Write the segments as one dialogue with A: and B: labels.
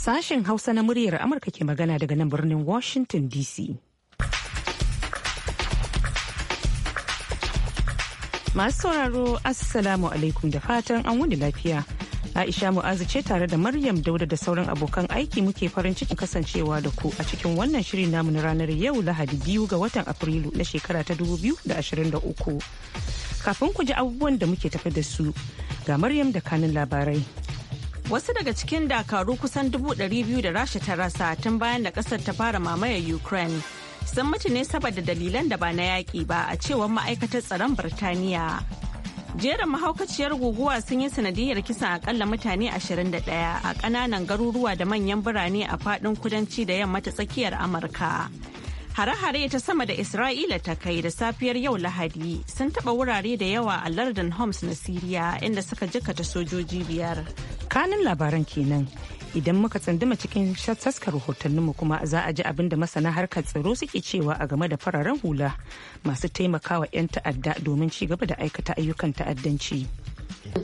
A: Sashen Hausa na muryar Amurka ke magana daga nan birnin Washington DC. Masu sauraro Assalamu alaikum da fatan an wuni lafiya. Aisha Mu'azu ce tare da Maryam Dauda da sauran abokan aiki muke farin cikin kasancewa da ku a cikin wannan shirin namu na ranar yau Lahadi biyu ga watan Afrilu na shekara ta dubu biyu da da ashirin uku Kafin ku ji abubuwan da muke tafi da su ga Maryam da kanin labarai.
B: Wasu daga cikin dakaru kusan dubu ɗari biyu da rasha ta rasa tun bayan da ƙasar ta fara mamayar Ukraine. Sun mutu ne saboda dalilan da ba na yaƙi ba a cewar ma'aikatar tsaron Birtaniya. Jerin mahaukaciyar guguwa sun yi sanadiyar kisan akalla mutane 21 a ƙananan garuruwa da manyan birane a faɗin kudanci da yamma ta tsakiyar Amurka. Hare-hare ta sama da Isra'ila ta kai da safiyar yau Lahadi sun taba wurare da yawa a lardin Homs na Siriya inda suka jikata sojoji biyar.
A: Kanin labaran kenan idan muka tsanduma cikin taskar rahotanninmu kuma za a ji abin da masana harkar tsaro suke cewa a game da fararen hula masu taimakawa 'yan ta'adda domin ci gaba da aikata ayyukan ta'addanci.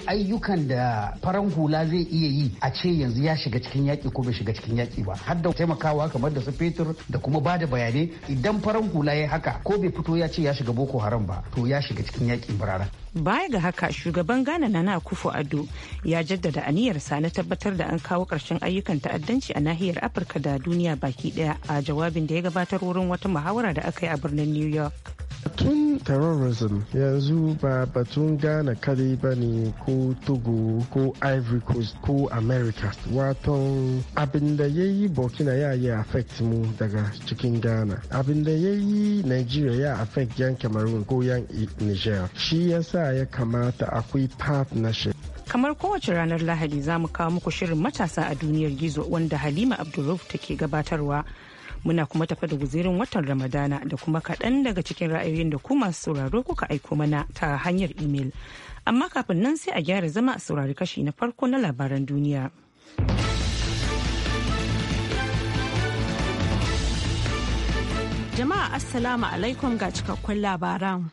C: ayyukan da faran hula zai iya yi a ce yanzu ya shiga cikin yaƙi ko bai shiga cikin yaƙi ba har da taimakawa kamar da su fetur da kuma ba da bayanai idan faran hula ya haka ko bai fito ya ce ya shiga boko haram ba to ya shiga cikin yaƙin birara
A: baya ga haka shugaban ghana nana kufu ado ya jaddada aniyarsa na tabbatar da an kawo karshen ayyukan ta'addanci a nahiyar afirka da duniya baki daya a jawabin da ya gabatar wurin wata muhawara da aka yi a birnin new york
D: tun terrorism yanzu ba batun gane kare ba ne ko togo ko ivory coast ko america waton abin da ya yi burkina ya yi affect mu daga cikin ghana abin da ya yi nigeria ya affect yan cameroon ko yan niger shi yasa ya kamata akwai partnership
A: kamar kowace ranar lahadi za mu kawo muku shirin matasa a duniyar gizo wanda halima abdulruf take gabatarwa muna kuma tafa da guzirin watan ramadana da kuma kaɗan daga cikin ra'ayoyin da kuma sauraro kuka aiko mana ta hanyar imel. amma kafin nan sai a gyara zama a saurari kashi na farko na labaran duniya. Jama'a Assalamu
B: alaikum ga cikakkun labaran.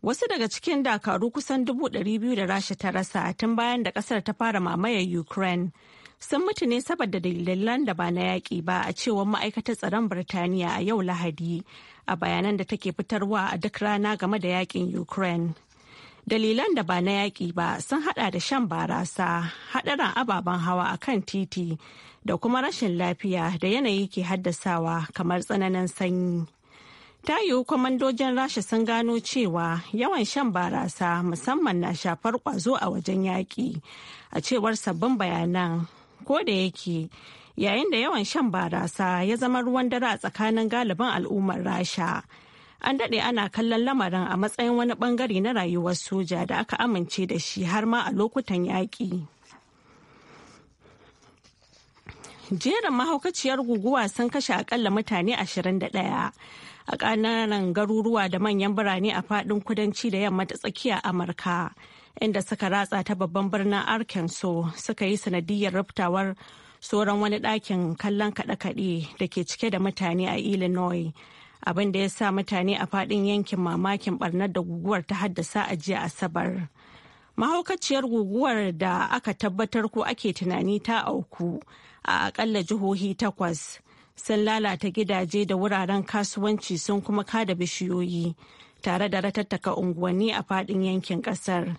B: Wasu daga cikin dakaru kusan dubu ɗari biyu da rasha ta rasa tun bayan da ƙasar ta fara mamayar Ukraine. Sun mutu ne saboda dalilan da ba na yaƙi ba a cewar ma'aikatar tsaron Birtaniya a yau Lahadi a bayanan da take fitarwa a duk rana game da yaƙin Ukraine. Dalilan da ba na yaƙi ba sun hada da shan barasa, haɗarin ababen hawa a kan titi da kuma rashin lafiya da yanayi ke haddasawa kamar tsananin sanyi. Ta yiwu kwamandojin Rasha sun gano cewa yawan shan barasa musamman na shafar kwazo a wajen yaƙi, a cewar sabbin bayanan ko da yake yayin da yawan shan barasa ya zama ruwan dare a tsakanin galibin al'ummar Rasha. an daɗe ana kallon lamarin a matsayin wani ɓangare na rayuwar soja da aka amince da shi har ma a lokutan yaƙi. jerin mahaukaciyar guguwa sun kashe akalla mutane 21 a ƙananan garuruwa da manyan birane a faɗin kudanci da yamma ta tsakiya amurka inda suka ratsa ta babban birnin arkansas suka yi sanadiyar raftawar tsoron wani ɗakin kallon kaɗe-kaɗe da ke cike da mutane a illinois abin da ya sa mutane a fadin yankin mamakin barnar da guguwar ta haddasa a jiya asabar mahaukaciyar guguwar da aka tabbatar ko ake tunani ta auku a akalla jihohi takwas sun lalata gidaje da wuraren kasuwanci sun kuma kada bishiyoyi tare da ratattaka unguwanni a fadin yankin kasar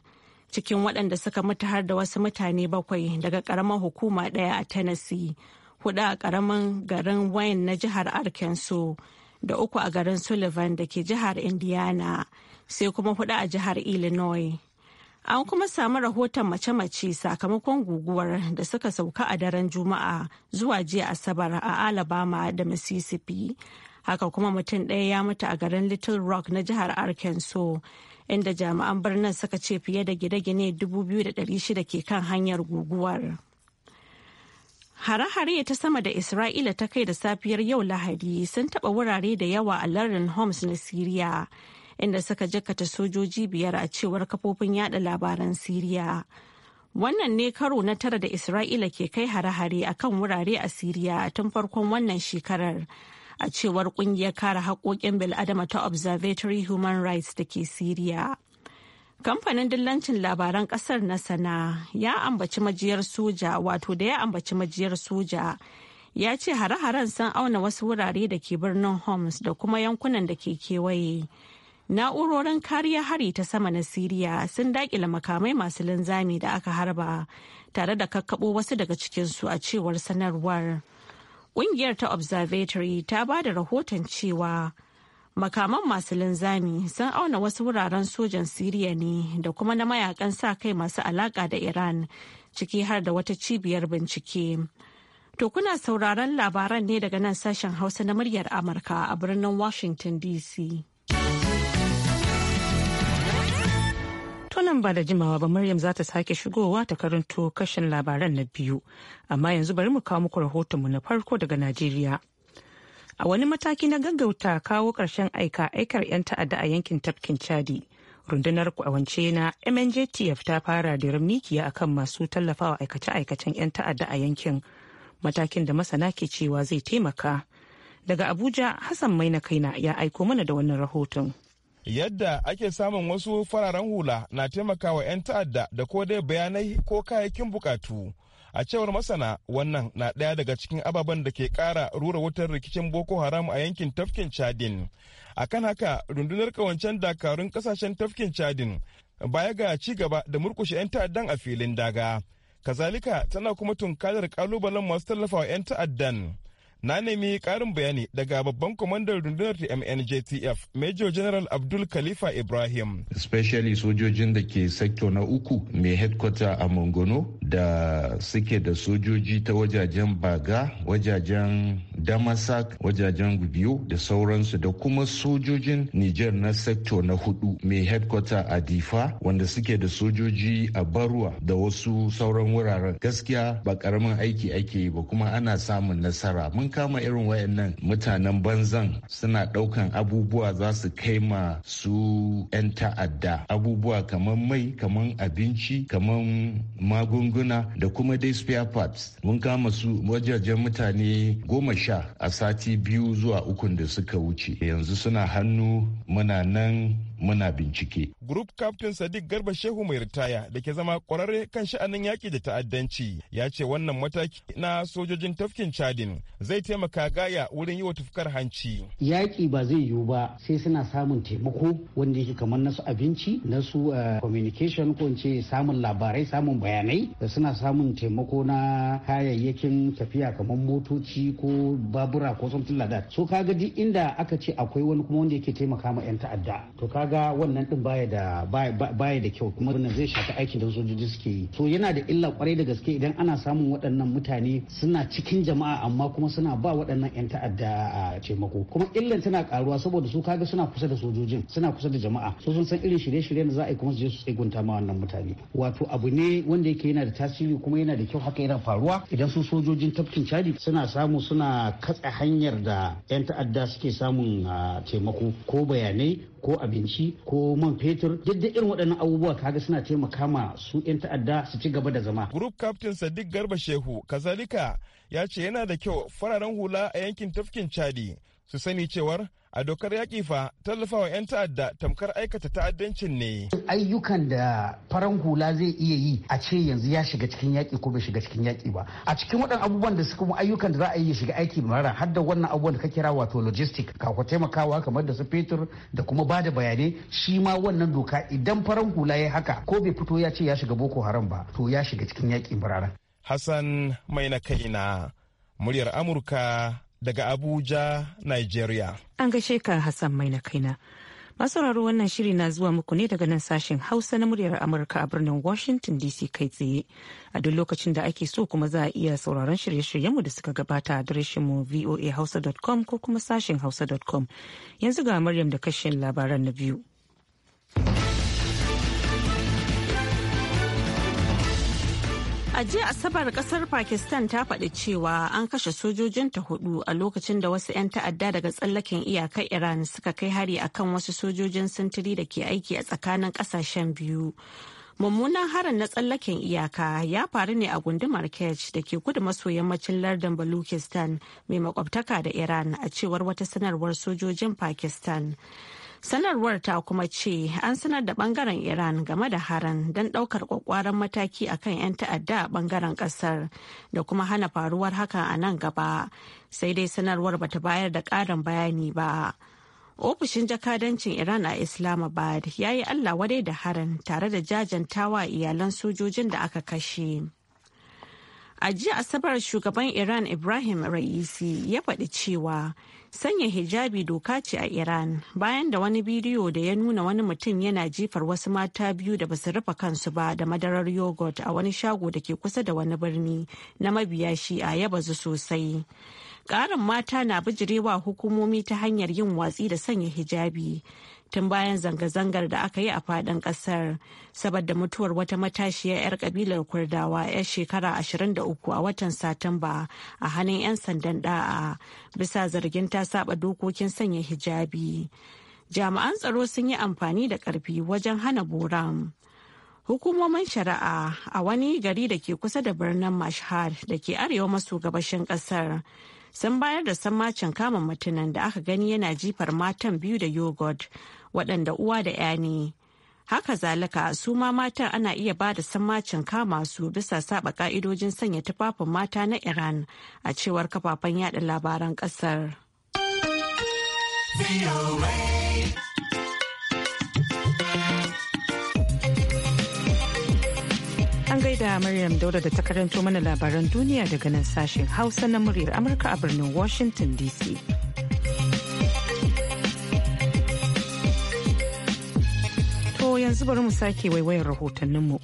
B: cikin waɗanda suka mutu har da wasu mutane bakwai daga ƙaramar hukuma ɗaya a tennessee hudu a ƙaramin garin wayne na jihar arkansas da uku a garin Sullivan da ke jihar Indiana sai kuma hudu a jihar Illinois. An kuma samu rahoton mace-mace sakamakon guguwar da suka sauka a daren Juma'a zuwa jiya Asabar a Alabama da Mississippi. Haka kuma mutum ɗaya ya mutu a garin Little Rock na jihar Arkansas, inda jami'an birnin suka ce fiye da gine-gine 2,600 ke kan hanyar guguwar. Hare-hare ta sama da Isra'ila ta kai da safiyar yau Lahadi sun taɓa wurare da yawa a lardin Homs na Siriya, inda suka jakata sojoji biyar a cewar kafofin yada labaran Siriya. Wannan ne karo na tara da Isra'ila ke kai hare-hare a kan wurare a Siriya tun farkon wannan shekarar, a cewar ƙungiyar kare haƙoƙin bil'adama ta Observatory Human Rights da ke Siriya. Kamfanin dillancin labaran kasar na sana ya ambaci majiyar soja wato da ya ambaci majiyar soja ya ce hare-haren sun auna wasu wurare da ke birnin Homs da kuma yankunan da ke kewaye. Na'urorin kariya hari ta sama na Siriya sun dakila makamai masu linzami da aka harba tare da kakkabo wasu daga cikinsu a cewar sanarwar. Ƙungiyar ta Observatory ta ba da rahoton cewa makaman masu linzami sun auna wasu wuraren sojan siriya ne da kuma na mayakan sa kai masu alaka da iran ciki har da wata cibiyar bincike to kuna sauraron labaran ne daga nan sashen hausa na muryar amurka a birnin washington
A: dc tunan ba da jimawa ba Maryam za ta sake shigowa ta karanto kashin labaran na biyu, amma yanzu bari mu kawo muku rahotonmu na farko daga Najeriya. a wani mataki na gaggauta kawo ƙarshen aika aikar 'yan ta'adda a yankin tafkin chadi rundunar kwawance na mnjtf ta fara da mikiya akan masu tallafawa aikace-aikacen 'yan ta'adda a yankin matakin da masana ke cewa zai taimaka daga abuja hassan mai na kaina ya aiko mana
E: da wannan rahoton yadda ake samun wasu fararen hula na taimakawa 'yan ta'adda da ko dai bayanai ko kayayyakin bukatu a cewar masana wannan na ɗaya daga cikin ababen da ke ƙara rura wutar rikicin boko haram a yankin tafkin chadin akan haka rundunar ƙawancen dakarun ƙasashen tafkin chadin baya ga ci gaba da murkushe 'yan ta'addan a filin daga kazalika tana kuma tunkarar ƙalubalen masu tallafawa 'yan ta'addan Na nemi karin bayani daga babban kwamandan rundunar MNJTF, Major General Abdul Khalifa Ibrahim. Especially sojojin da ke sekto na uku mai headquarter a Mongono da suke da sojoji ta wajajen Baga, wajajen Damasak, wajajen Gubiyo da sauransu da kuma sojojin Niger na sekto na hudu mai headquarter a Difa wanda suke da sojoji a Barwa da wasu sauran wuraren. Gaskiya ba karamin aiki ake yi ba kuma ana samun nasara. Mun kama irin wayannan mutanen banzan suna daukan abubuwa za su kai ma su 'yan ta'adda abubuwa kamar mai kamar abinci kamar magunguna da kuma dai spare parts mun kama su wajajen mutane goma sha a sati biyu zuwa ukun da suka wuce yanzu suna hannu muna nan muna bincike. Group Captain Sadiq Garba Shehu mai ritaya da ke zama kwararre kan sha'anin yaki da ta'addanci ya ce wannan mataki na sojojin tafkin Chadin zai taimaka gaya wurin yi wa tufkar hanci.
C: yaki ba zai yiwu ba sai suna samun taimako wanda yake kamar nasu abinci nasu eh, communication ko ce samun labarai samun bayanai da suna samun taimako na kayayyakin tafiya kamar motoci ko babura ko something like that. So kaga duk inda aka ce akwai wani kuma wanda yake taimaka ma 'yan ta'adda. To kaga kaga wannan din baya da baya da kyau kuma wannan zai shafi aikin da sojoji suke yi to yana da illa kwarai da gaske idan ana samun waɗannan mutane suna cikin jama'a amma kuma suna ba waɗannan 'yan ta'adda a taimako kuma illan tana karuwa saboda su kaga suna kusa da sojojin suna kusa da jama'a so sun san irin shirye shirye da za a yi kuma su je su tsegunta ma wannan mutane wato abu ne wanda yake yana da tasiri kuma yana da kyau haka yana faruwa idan su sojojin tafkin cadi suna samu suna katse hanyar da 'yan ta'adda suke samun taimako ko bayanai ko abinci ko man fetur duk da irin waɗannan abubuwa kaga suna taimaka ma
E: su 'yan ta'adda su ci gaba da zama. Group Captain Sadiq Garba Shehu kazalika ya ce yana da kyau fararen hula a yankin tafkin Chadi su sani cewar a dokar yaƙi fa tallafawa 'yan ta'adda tamkar aikata ta'addancin ne.
C: ayyukan da faran hula zai iya yi a ce yanzu ya shiga cikin yaƙi ko bai shiga cikin yaƙi ba a cikin waɗannan abubuwan da suka ayyukan da za a yi shiga aiki mara har wannan abubuwan da ka kira wato logistic ka ku taimakawa kamar da su fetur da kuma ba da bayanai shi ma wannan doka idan faran hula ya haka ko bai fito ya ce ya shiga boko haram ba to ya shiga cikin yaƙi mara.
E: hassan mai na kaina muryar amurka daga Abuja, Nigeria.
C: An gaishe ka Hassan mai na
A: kaina. Masauraro wannan shiri na zuwa muku ne daga nan sashen Hausa na muryar Amurka a birnin Washington DC kai tsaye. A duk lokacin da ake so kuma za a iya sauraron shirye-shiryenmu da suka gabata a adireshinmu voahausa.com ko kuma sashen hausa.com. Yanzu ga Maryam da kashin labaran na biyu.
B: A jiya Asabar kasar Pakistan ta faɗi cewa an kashe sojojinta hudu a lokacin da wasu 'yan ta'adda daga tsallaken iyakar Iran suka kai hari a kan wasu sojojin sintiri da ke aiki a tsakanin ƙasashen biyu. Mummunan harin na tsallaken iyaka ya faru ne a gundumar kesh da ke kudu maso yammacin lardin Baluchistan mai makwabtaka da Iran a cewar wata sanarwar sojojin Pakistan. sanarwar ta kuma ce an sanar da bangaren iran game da haran don daukar kwakwaran mataki akan 'yan ta'adda a bangaren kasar da kuma hana faruwar hakan a nan gaba sai dai sanarwar bata bayar da karin bayani ba ofishin jakadancin iran a islamabad ya yi allah wadai da harin tare da jajantawa iyalan sojojin da aka kashe. A jiya Asabar shugaban Iran Ibrahim Ra'isi ya faɗi cewa sanya hijabi doka ce a Iran bayan da wani bidiyo da ya nuna wani mutum yana jifar wasu mata biyu da basu rufe kansu ba da madarar yogurt a wani shago da ke kusa da wani birni na mabiya shi'a ya bazu sosai. Ƙarin mata na bijirewa hukumomi ta hanyar yin watsi da sanya hijabi tun bayan zanga-zangar da aka yi a faɗin ƙasar saboda mutuwar wata matashiya 'yar ƙabilar kurdawa 'yar shekara 23 a watan satumba a hannun 'yan sandan da'a bisa zargin ta saba dokokin sanya hijabi jami'an tsaro sun yi amfani da ƙarfi wajen hana boram hukumomin shari'a a wani gari da ke kusa da birnin mashhad da ke arewa maso gabashin ƙasar sun bayar da sammacin kama mutumin da aka gani yana jifar matan biyu da yogurt waɗanda uwa da 'ya ne. Haka zalika su ma matan ana iya ba da sammacin kama su bisa saba ka'idojin sanya tufafin mata na Iran a cewar kafafen yada labaran ƙasar.
A: An gaida Maryam Dauda da ta karanto mana labaran duniya daga nan sashen Hausa na muryar Amurka a birnin Washington DC. To yanzu bari mu sake waiwayar rahotanninmu.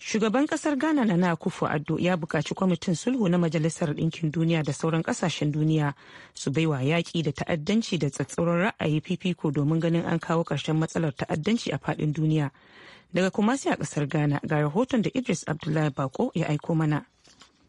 A: Shugaban kasar Ghana na Akufo Addo ya buƙaci kwamitin sulhu na Majalisar Ɗinkin Duniya da sauran ƙasashen duniya su baiwa yaƙi da ta'addanci da tsatsauran ra'ayi fifiko domin ganin an kawo ƙarshen matsalar ta'addanci a faɗin duniya. Daga Kumasi a ƙasar Ghana ga
F: rahoton da Idris Abdullahi Bako ya aiko mana.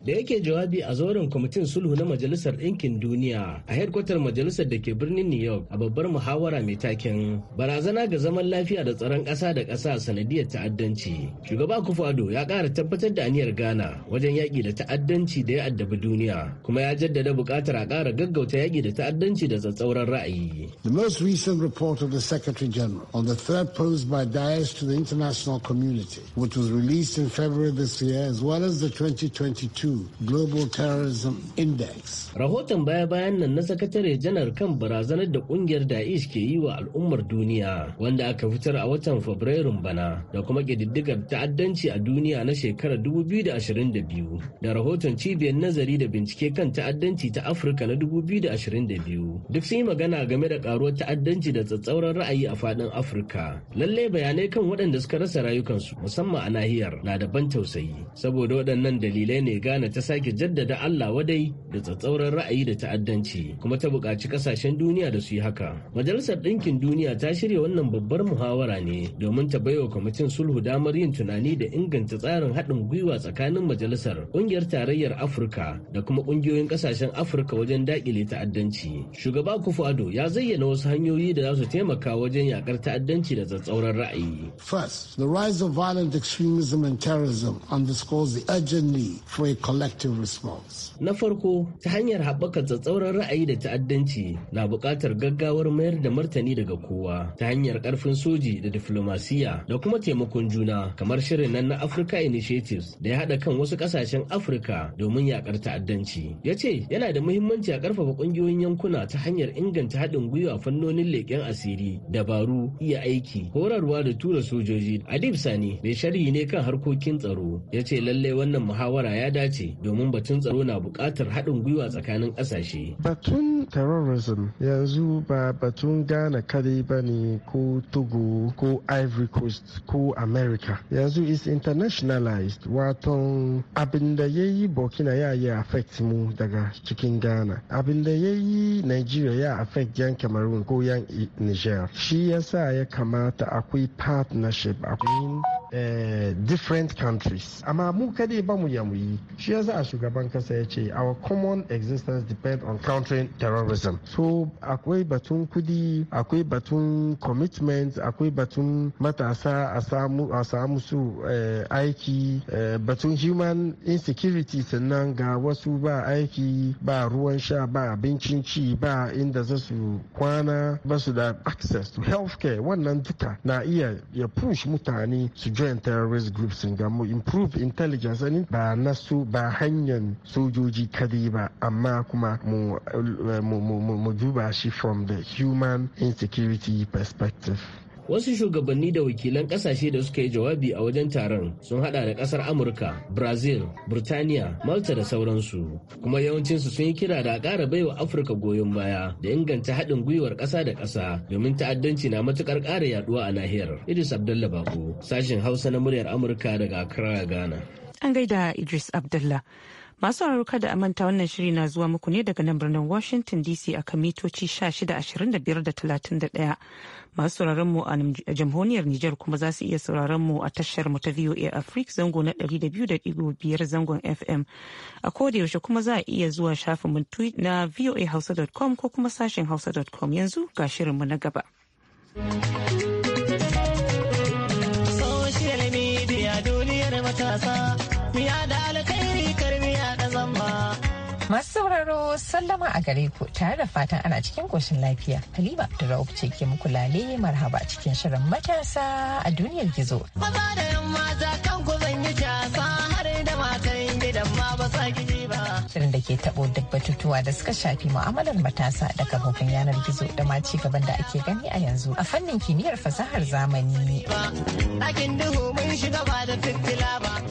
F: da yake jawabi a zauren kwamitin sulhu na majalisar ɗinkin duniya a hedkwatar majalisar da ke birnin new york a babbar muhawara mai taken barazana ga zaman lafiya da tsaron ƙasa da ƙasa sanadiyar ta'addanci shugaba kufado ya ƙara tabbatar da aniyar ghana wajen yaƙi da ta'addanci da ya addabi duniya kuma ya jaddada buƙatar a ƙara gaggauta yaƙi da ta'addanci da tsatsauran ra'ayi
G: the most recent report of the secretary general on the threat posed by daesh to the international community which was released in february this year as well as the 2022 Global Terrorism
F: Index. Rahoton baya-bayan nan na sakatare janar kan barazanar da kungiyar Daesh ke yi wa al'ummar duniya wanda aka fitar a watan Fabrairun bana da kuma ƙididdigar ta'addanci a duniya na shekarar 2022 da rahoton cibiyar nazari da bincike kan ta'addanci ta Afirka na 2022 duk sun yi magana game da karuwar ta'addanci da tsatsauran ra'ayi a faɗin Afirka. Lallai bayanai kan waɗanda suka rasa rayukansu musamman a nahiyar na da ban tausayi saboda waɗannan dalilai ne gane kana ta sake jaddada Allah wadai da tsatsauran ra'ayi da ta'addanci kuma ta buƙaci ƙasashen duniya da su yi haka. Majalisar Ɗinkin Duniya ta shirya wannan babbar muhawara ne domin ta baiwa kwamitin sulhu damar yin tunani da inganta tsarin haɗin gwiwa tsakanin majalisar ƙungiyar tarayyar Afirka da kuma ƙungiyoyin ƙasashen Afirka wajen daƙile ta'addanci. Shugaba Kufuado ya zayyana wasu hanyoyi da za su taimaka wajen yaƙar ta'addanci da tsatsauran ra'ayi.
G: First, the rise of violent extremism
F: and terrorism underscores the urgent need for a collective response. Na farko, ta hanyar haɓaka tsatsauran ra'ayi da ta'addanci na buƙatar gaggawar mayar da martani daga kowa ta hanyar ƙarfin soji da diflomasiya da kuma taimakon juna kamar shirin nan na Africa Initiatives da ya haɗa kan wasu ƙasashen Afirka domin yaƙar ta'addanci. Ya ce yana da muhimmanci a ƙarfafa ƙungiyoyin yankuna ta hanyar inganta haɗin gwiwa fannonin leƙen asiri, dabaru, iya aiki, horarwa da tura sojoji. Adib Sani mai sharhi ne kan harkokin tsaro ya ce lallai wannan muhawara ya dace ce domin batun tsaro na buƙatar haɗin gwiwa tsakanin ƙasashe.
D: Batun terrorism yanzu ba batun ghana kadai ba ne ko togo ko ivory coast ko america yanzu is internationalized waton abinda da ya yi burkina ya yi affect mu daga cikin ghana abin da ya yi nigeria ya affect yan cameroon ko yan niger shi yasa ya kamata akwai partnership akwai Uh, different countries amma mu kadai ba mu ya shi yasa shugaban kasa ya ce our common existence depend on countering terrorism terrorism so akwai batun kudi akwai batun commitment akwai batun matasa a samu su eh, aiki eh, batun human insecurity sannan ga wasu ba aiki ba ruwan sha ba abincin ci ba inda za su kwana ba su da access to healthcare wannan duka na iya ya push mutane su join terrorist groups ga mu improve intelligence ba na su ba hanyar sojoji kadai ba amma kuma mu eh, mu duba shi from the human insecurity perspective
F: wasu shugabanni da wakilan kasashe da suka yi jawabi a wajen taron sun hada da kasar amurka brazil burtaniya malta da sauransu kuma yawancinsu sun yi kira da ƙara baiwa afirka goyon baya da inganta haɗin gwiwar ƙasa da ƙasa domin ta'addanci na matuƙar ƙara yaduwa a nahiyar idris abdullah bako sashen hausa na muryar amurka daga accra ghana
A: an gaida idris abdullah Masu sauraro kada a manta wannan shiri na zuwa muku ne daga nan birnin Washington DC a kan mitoci 1625-31. Masu sauraron mu a jamhuriyar Nijar kuma za su iya sauraron mu a tashar mu ta VOA Africa zango na 200.5 zangon FM. A koda yaushe kuma za a iya zuwa shafin mu na voahausa.com ko kuma sashen hausa.com yanzu ga shirin mu na gaba.
H: sauraro sallama a gare ku tare da fatan ana cikin koshin lafiya. Halima Rauf ce ke muku lale marhaba cikin shirin matasa a duniyar gizo.
E: Maza da yamma za kan ku yi jasa har da matan gidan ma ba sa
H: shirin da ke tabo duk batutuwa da suka shafi mu'amalar matasa da kafofin yanar gizo da ma ci gaban da ake gani a yanzu a fannin kimiyyar fasahar zamani.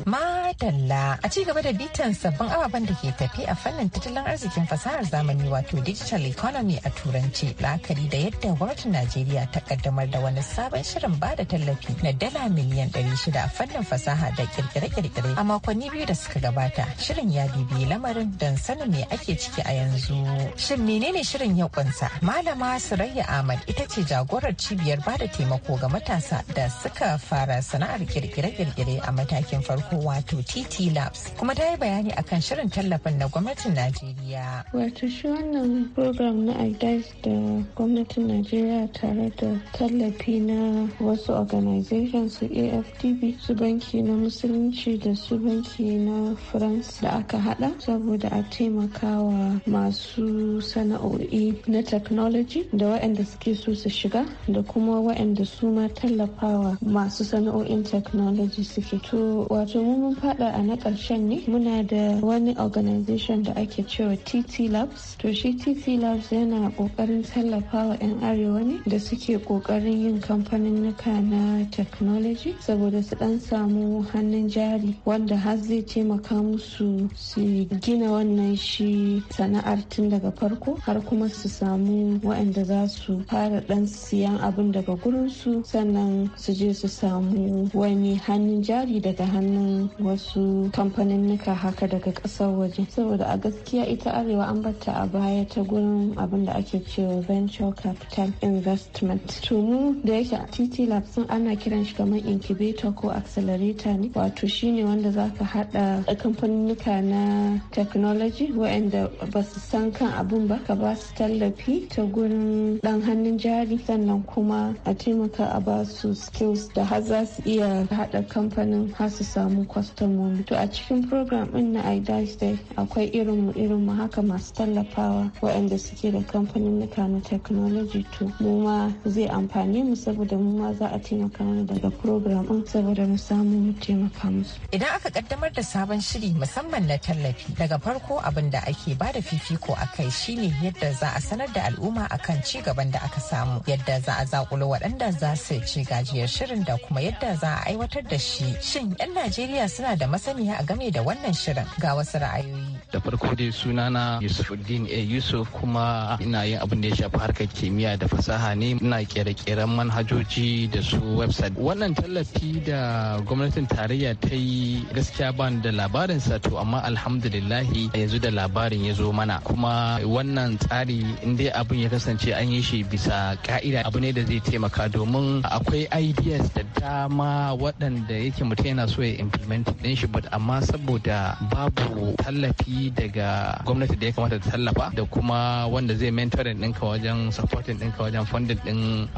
H: Madalla a ci gaba da bitan sabbin ababen da ke tafi a fannin tattalin arzikin fasahar zamani wato digital economy a turanci lakari da yadda gwamnatin Najeriya ta kaddamar da wani sabon shirin ba da tallafi na dala miliyan 600 a fannin fasaha da kirkire-kirkire a makonni biyu da suka gabata shirin ya bibiyi lamarin don sanin me ake ciki a yanzu. Shin menene shirin yau kunsa? Malama Surayya Ahmad ita ce jagorar cibiyar ba da taimako ga matasa da suka fara sana'ar kirkire-kirkire a matakin farko wato TT Labs kuma ta yi bayani akan shirin tallafin na gwamnatin Najeriya.
I: Wato shi wannan program na AIDAS da gwamnatin Najeriya tare da tallafi na wasu organization su AFDB su banki na musulunci da su banki na France da aka hada saboda Da a taimakawa masu sana'o'i na technology da waɗanda suke so su shiga da kuma waɗanda su ma tallafawa masu sana'o'in technology suke to wato mun fada a na ƙarshen ne muna da wani organization da ake cewa tt labs to shi tt labs yana ƙoƙarin tallafawa 'yan arewa ne da suke ƙoƙarin yin kamfanin nuka na technology saboda su ɗan samu hannun jari wanda har zai taimaka musu su gina wannan shi sana'ar tun daga farko har kuma su samu waɗanda za su fara ɗan siyan abin daga gurinsu sannan su je su samu wani hannun jari daga hannun wasu kamfaninnika haka daga ƙasar waje saboda a gaskiya ita arewa an bata a baya ta gurin abin da ake cewa venture capital investment to mu da yake tt lab sun ana kiran shi kamar incubator ko accelerator ne wato shine wanda zaka hada kamfaninnika na tech technology waɗanda ba su san kan abun ba ka ba su tallafi ta gurin ɗan hannun jari sannan kuma a taimaka a ba su skills da har za su iya hada kamfanin har su samu customer to a cikin program in na idas dai akwai irin mu irin mu haka masu tallafawa waɗanda suke da kamfanin na technology to mu ma zai amfani mu saboda mu ma za a taimaka mana daga program in saboda mu samu mu taimaka musu
H: idan aka kaddamar da sabon shiri musamman na tallafi daga farko abin da ake ba da fifiko a kai shine yadda za a sanar da al'umma akan ci gaban da aka samu yadda za a zakulo waɗanda za su ci gajiyar shirin da kuma yadda za a aiwatar da shi shin 'yan najeriya suna da masaniya a game da wannan shirin ga wasu ra'ayoyi
J: da farko dai sunana yusufuddin a yusuf kuma ina yin abin da ya shafi harkar kimiyya da fasaha ne ina kere-keren manhajoji da su website wannan tallafi da gwamnatin tarayya ta yi gaskiya ba da labarin sa to amma alhamdulillahi yanzu da labarin ya zo mana kuma wannan tsari in dai abin ya kasance an yi shi bisa ka'ida abu ne da zai taimaka domin akwai ideas da dama waɗanda yake mutum yana so ya implement din shi but amma saboda babu tallafi daga gwamnati da ya kamata ta tallafa da kuma wanda zai mentoring ɗinka wajen supporting ɗinka wajen funding ɗin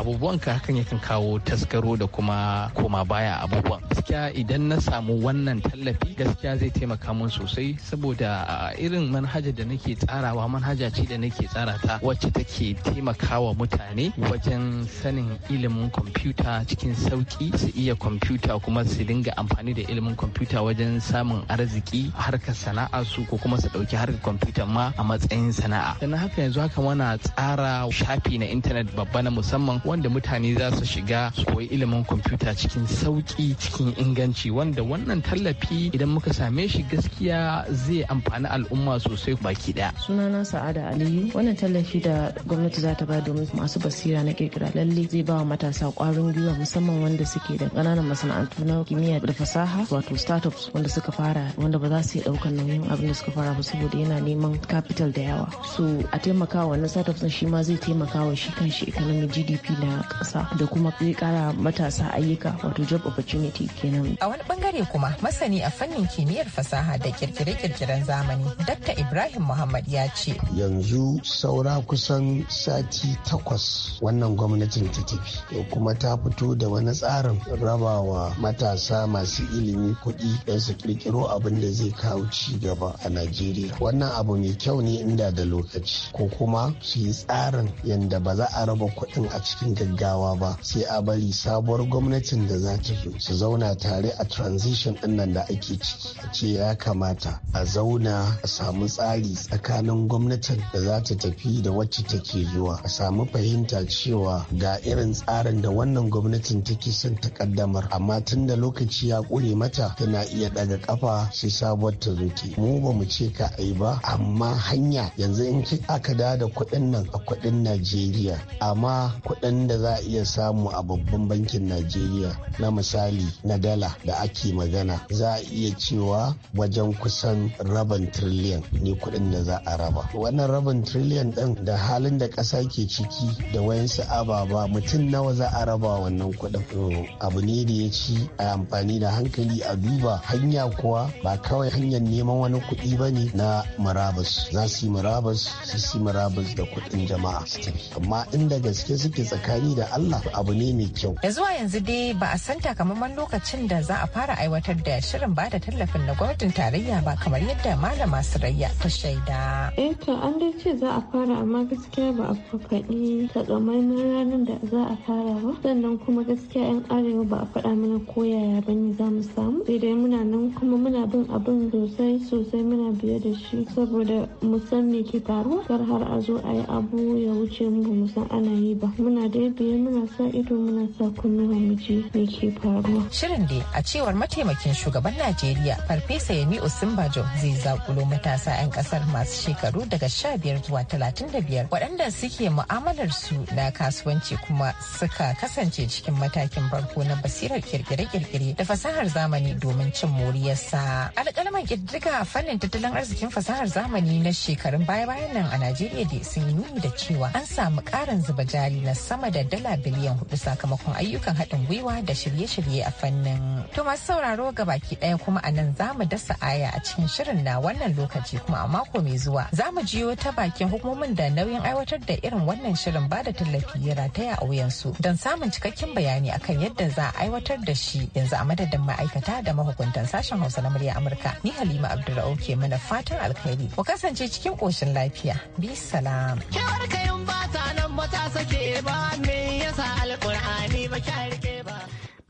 J: ka hakan yakan kawo taskaro da kuma koma baya abubuwan gaskiya idan na samu wannan tallafi gaskiya zai taimaka mun sosai saboda ah, irin manhaja da nake tsarawa manhaja ce da nake tsara ta wacce take taimakawa mutane wajen sanin ilimin kwamfuta cikin sauki su iya kwamfuta kuma su dinga amfani da ilimin kwamfuta wajen samun arziki harkar sana'a su ko kuma masa dauki ɗauki harkar kwamfutan ma a matsayin sana'a sannan haka yanzu haka mana tsara shafi na intanet babba na musamman wanda mutane za su shiga su koyi ilimin kwamfuta cikin sauki cikin inganci wanda wannan tallafi idan muka same shi gaskiya zai amfani al'umma sosai baki daya sunana
B: sa'ada aliyu wannan tallafi da gwamnati za ta ba domin masu basira na kirkira lalle zai ba wa matasa ƙwarin gwiwa musamman wanda suke da ƙananan masana'antu na kimiyya da fasaha wato
I: startups wanda suka fara wanda ba za su yi ɗaukar nauyin abin da suka fara takura ba saboda yana neman capital da yawa so a taimaka wa wannan startup din shi ma zai taimaka wa shi kanshi economic gdp na kasa
B: da kuma zai kara matasa ayyuka wato job opportunity kenan
H: a wani bangare kuma masani a fannin kimiyyar fasaha da kirkire-kirkiren zamani dr ibrahim muhammad ya ce
G: yanzu saura kusan sati takwas wannan gwamnatin ta tafi kuma ta fito da wani tsarin raba wa matasa masu ilimi kuɗi don su kirkiro abin da zai kawo ci gaba a najeriya najeriya wannan abu mai kyau ne inda da lokaci ko kuma su yi tsarin yadda ba za a raba kuɗin a cikin gaggawa ba sai a bari sabuwar gwamnatin da za ta zo su zauna tare a transition ɗin da ake ciki a ce ya kamata a zauna a samu tsari tsakanin gwamnatin da za ta tafi da wacce take zuwa a samu fahimta cewa ga irin tsarin da wannan gwamnatin take son ta kaddamar amma tun da lokaci ya ƙure mata tana iya daga kafa sai sabuwar ta zo mu ba mu ce ka ai ba amma hanya yanzu in ki aka da da kuɗin nan a kuɗin najeriya amma kuɗin da za a iya samu a babban bankin najeriya na misali na dala da ake magana za a iya cewa wajen kusan rabin triliyan ne kuɗin da za a raba wannan rabin triliyan din da halin da ƙasa ke ciki da wayansu ababa mutum nawa za a raba wannan kuɗin abu ne da ya ci a amfani da hankali a duba hanya kuwa ba kawai hanyar neman wani kuɗi ba bane na marabas za su yi marabas su yi marabas da kuɗin jama'a su tafi amma inda gaske suke tsakani da Allah abu ne mai kyau. Ya
H: zuwa yanzu dai ba a san takamaiman lokacin da za a fara aiwatar da shirin ba da tallafin na gwamnatin tarayya ba kamar yadda malama Surayya ta shaida.
I: Eh to an dai ce za a fara amma gaskiya ba a faɗi takamaiman ranar da za a fara ba sannan kuma gaskiya 'yan arewa ba a faɗa mana koyaya yaya bane za mu samu sai muna nan kuma muna bin abin sosai sosai muna biye da shi saboda mu san me ke faruwa kar har a zo a yi abu ya wuce mu ba mu san ana yi ba muna dai biye muna sa ido muna sa kunnuwa mu ji me ke faruwa. Shirin dai
H: a cewar mataimakin shugaban Najeriya Farfesa Yemi Osinbajo zai zakulo matasa 'yan kasar masu shekaru daga 15 zuwa 35 waɗanda suke mu'amalar su da kasuwanci kuma suka kasance cikin matakin farko na basirar kirkire-kirkire da fasahar zamani domin cin moriyarsa. Alƙalman ƙirƙirga fannin tattalin tattalin arzikin fasahar zamani na shekarun baya-bayan nan a Najeriya da sun yi nuni da cewa an samu karin zuba jari na sama da dala biliyan hudu sakamakon ayyukan haɗin gwiwa da shirye-shirye a fannin. To masu sauraro ga baki ɗaya kuma a nan za mu dasa aya a cikin shirin na wannan lokaci kuma a mako mai zuwa za mu jiyo ta bakin hukumomin da nauyin aiwatar da irin wannan shirin ba da tallafi ya rataya a wuyansu don samun cikakken bayani akan yadda za a aiwatar da shi yanzu a madadin ma'aikata da mahukuntan sashen hausa na murya amurka ni halima abdulrauke ke mana da fatan alkhairi ku kasance cikin koshin lafiya bi salam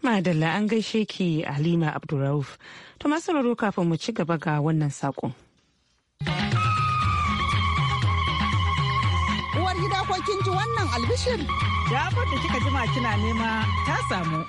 A: madalla an gaishe ki halima abdurrauf to masu raro kafin mu ci gaba ga wannan saƙon.
C: uwar gida ko kin ji wannan albishir ya da kika jima kina nema ta samu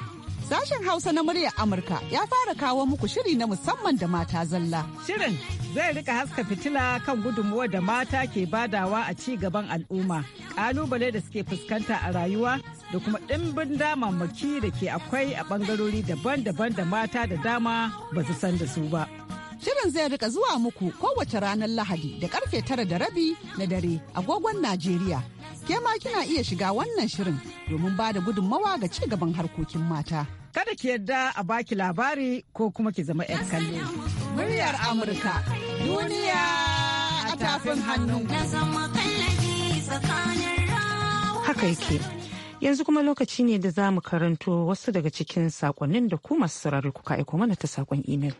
C: Sashen Hausa na muryar Amurka ya fara kawo muku shiri na musamman da mata zalla. Shirin zai rika haska fitila kan gudunmuwa da mata ke badawa a ci gaban al'umma, kalubale da suke fuskanta a rayuwa da kuma ɗimbin damammaki da ke akwai a ɓangarori daban-daban da mata da dama ba su san da su ba. Shirin zai rika zuwa muku kowace ranar Lahadi da karfe tara da rabi na dare agogon Najeriya. ke ma kina iya shiga wannan shirin domin ba da gudunmawa ga ci gaban harkokin mata. Kada ki yarda a baki labari ko kuma ki zama 'yan kallo. Muryar Amurka, duniya a tafin hannu.
A: Haka yake. Yanzu kuma lokaci ne da za mu karanto wasu daga cikin sakonnin da ku masu sarari kuka aiko mana ta sakon imel.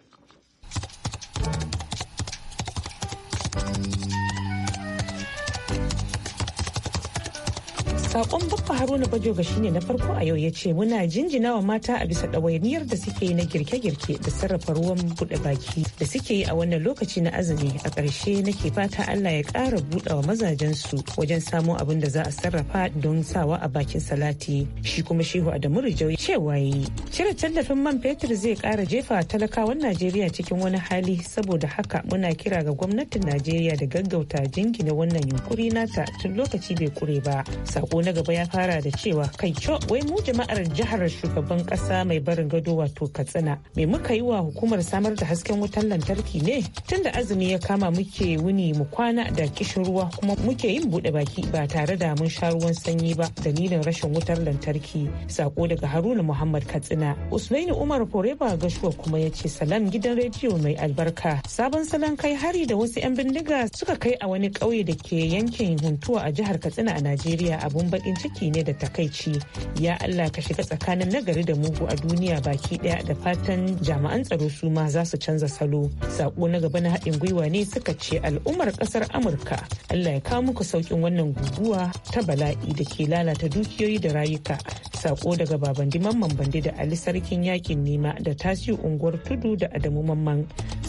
A: Sakon Baffa Haruna Bajoga shine na farko a yau ya ce muna jinjina wa mata a bisa ɗawainiyar da suke yi na girke-girke da sarrafa ruwan buɗe baki da suke yi a wannan lokaci na azumi a ƙarshe nake fata Allah ya ƙara buɗa wa mazajen su wajen samo abin da za a sarrafa don sawa a bakin salati. Shi kuma Shehu Adamu Rijau cewa yi cire tallafin man fetur zai ƙara jefa talakawan Najeriya cikin wani hali saboda haka muna kira ga gwamnatin Najeriya da gaggauta jingina wannan yunkuri nata tun lokaci bai kure ba. Sako na gaba ya fara da cewa kai wai mu jama'ar jihar shugaban kasa mai barin gado wato katsina me muka yi wa hukumar samar da hasken wutar lantarki ne tunda azumi ya kama muke wuni mu kwana da kishin ruwa kuma muke yin bude baki ba tare da mun sha ruwan sanyi ba dalilin rashin wutar lantarki sako daga haruna muhammad katsina usmaini umar foreba gashuwa kuma ya ce salam gidan rediyo mai albarka sabon salon kai hari da wasu 'yan bindiga suka kai a wani ƙauye da ke yankin huntuwa a jihar katsina a najeriya abun bakin ciki ne da takaici ya allah ka shiga tsakanin nagari da mugu a duniya baki daya da fatan jami'an tsaro su ma za su canza salo sako na gaba na haɗin gwiwa ne suka ce al'ummar ƙasar amurka allah ya kawo muku saukin wannan guguwa ta bala'i da ke lalata dukiyoyi da rayuka sako daga babandi mamman bandi da ali sarkin yakin nema da tasiri unguwar tudu da adamu mamman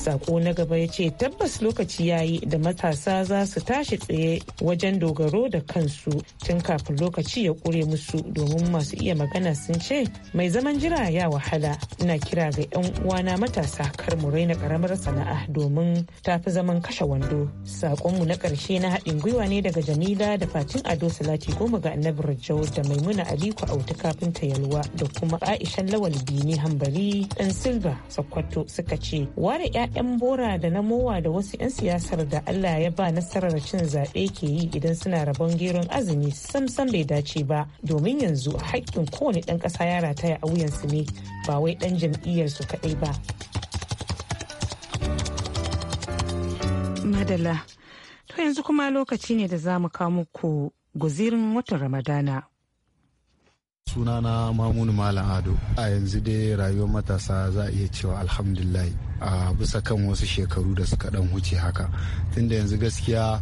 A: sako na gaba ya ce tabbas lokaci ya yi da matasa za su tashi tsaye wajen dogaro da kansu tun kafin lokaci ya kure musu domin masu iya magana sun ce mai zaman jira ya wahala ina kira ga 'yan uwana matasa kar mu raina karamar sana'a domin tafi zaman kashe wando sakonmu na karshe na haɗin gwiwa ne daga jamila da fatin ado salati goma ga annabi jau da maimuna aliko auta kafin yalwa da kuma aishan lawal bini hambali dan silva sokoto suka ce ware 'yan bora da na mowa da wasu 'yan siyasar da Allah ya ba nasarar cin zaɓe ke yi idan suna rabon geron azumi samsam bai dace ba domin yanzu haƙƙin kowane ɗan ƙasa ya rataya a wuyansu ne ba wai ɗan jam'iyyarsu kaɗai ba. Madala, to yanzu kuma lokaci ne da za mu kawo muku guzirin watan Ramadana
K: sunana mamunu malam ado a yanzu dai rayuwar matasa za a iya cewa alhamdulillah a bisa kan wasu shekaru da suka dan wuce haka tunda yanzu gaskiya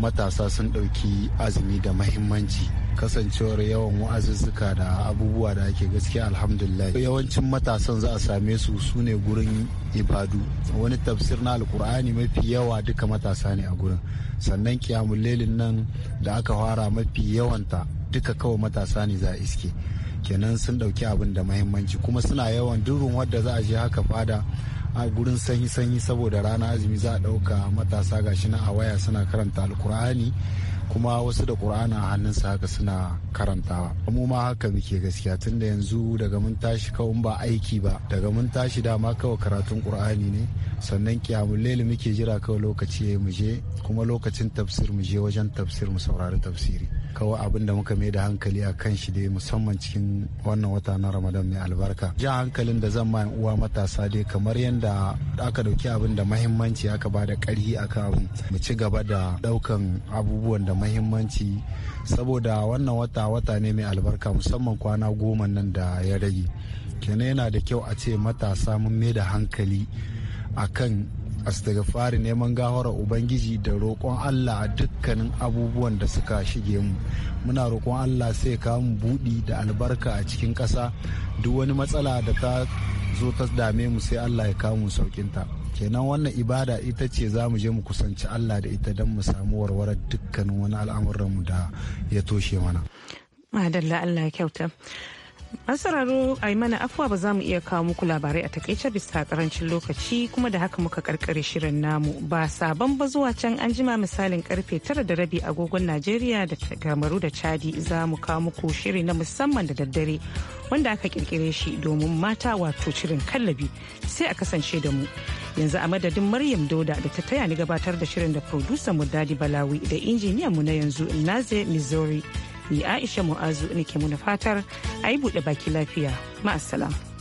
K: matasa sun ɗauki azumi da mahimmanci kasancewar yawan wa'azuzzuka da abubuwa da ake gaskiya alhamdulillah yawancin matasan za a same su su ne gurin ibadu wani tafsir na alkur'ani mafi yawa duka matasa ne a gurin sannan kiyamun lelin nan da aka fara mafi yawanta duka kawai matasa ne za a iske kenan sun ɗauki abin da mahimmanci kuma suna yawan durin wadda za a je haka fada a gurin sanyi-sanyi saboda rana azumi za a ɗauka matasa shi na a waya suna karanta alkur'ani kuma wasu da ƙur'ana a hannunsa haka suna karantawa mu ma haka muke gaskiya tun da yanzu daga mun tashi kawun ba aiki ba daga mun tashi dama kawai karatun kur'ani ne sannan kiyamun lele muke jira kawai lokaci mu je kuma lokacin tafsir muje wajen tafsir mu saurari tafsiri kawai abin da muka mai da hankali a kan shi dai musamman cikin wannan wata na ramadan mai albarka ja hankalin da zan ma uwa matasa dai kamar yadda aka dauki abin da mahimmanci aka ba da karhi a kan mu ci gaba da daukan abubuwan da mahimmanci saboda wannan wata wata ne mai albarka musamman kwana goma nan da ya rage kenan yana da kyau a ce matasa mun mai da hankali akan fari neman gawar ubangiji da roƙon allah a dukkanin abubuwan da suka shige mu muna roƙon allah sai ka mu buɗi da albarka a cikin ƙasa duk wani matsala da ta zo ta dame mu sai allah ya kamu saukinta kenan wannan ibada ita ce za mu je mu kusanci allah da ita don mu samu warware dukkanin wani al'amuranmu da ya toshe mana
A: madalla allah kyauta an sararo a yi mana afuwa ba za mu iya kawo muku labarai a takaice bisa karancin lokaci kuma da haka muka karkare shirin namu ba sabon ba zuwa can an jima misalin karfe tara da rabi agogon najeriya da kamaru da chadi za mu kawo muku shiri na musamman da daddare wanda aka kirkire shi domin mata wato shirin kallabi sai a kasance da mu yanzu a madadin maryam doda da ta taya ni gabatar da shirin da producer mu dadi balawi da injiniyan mu na yanzu naze missouri ni aisha mu'azu nake muna fatar a yi buɗe baki lafiya ma'asalam.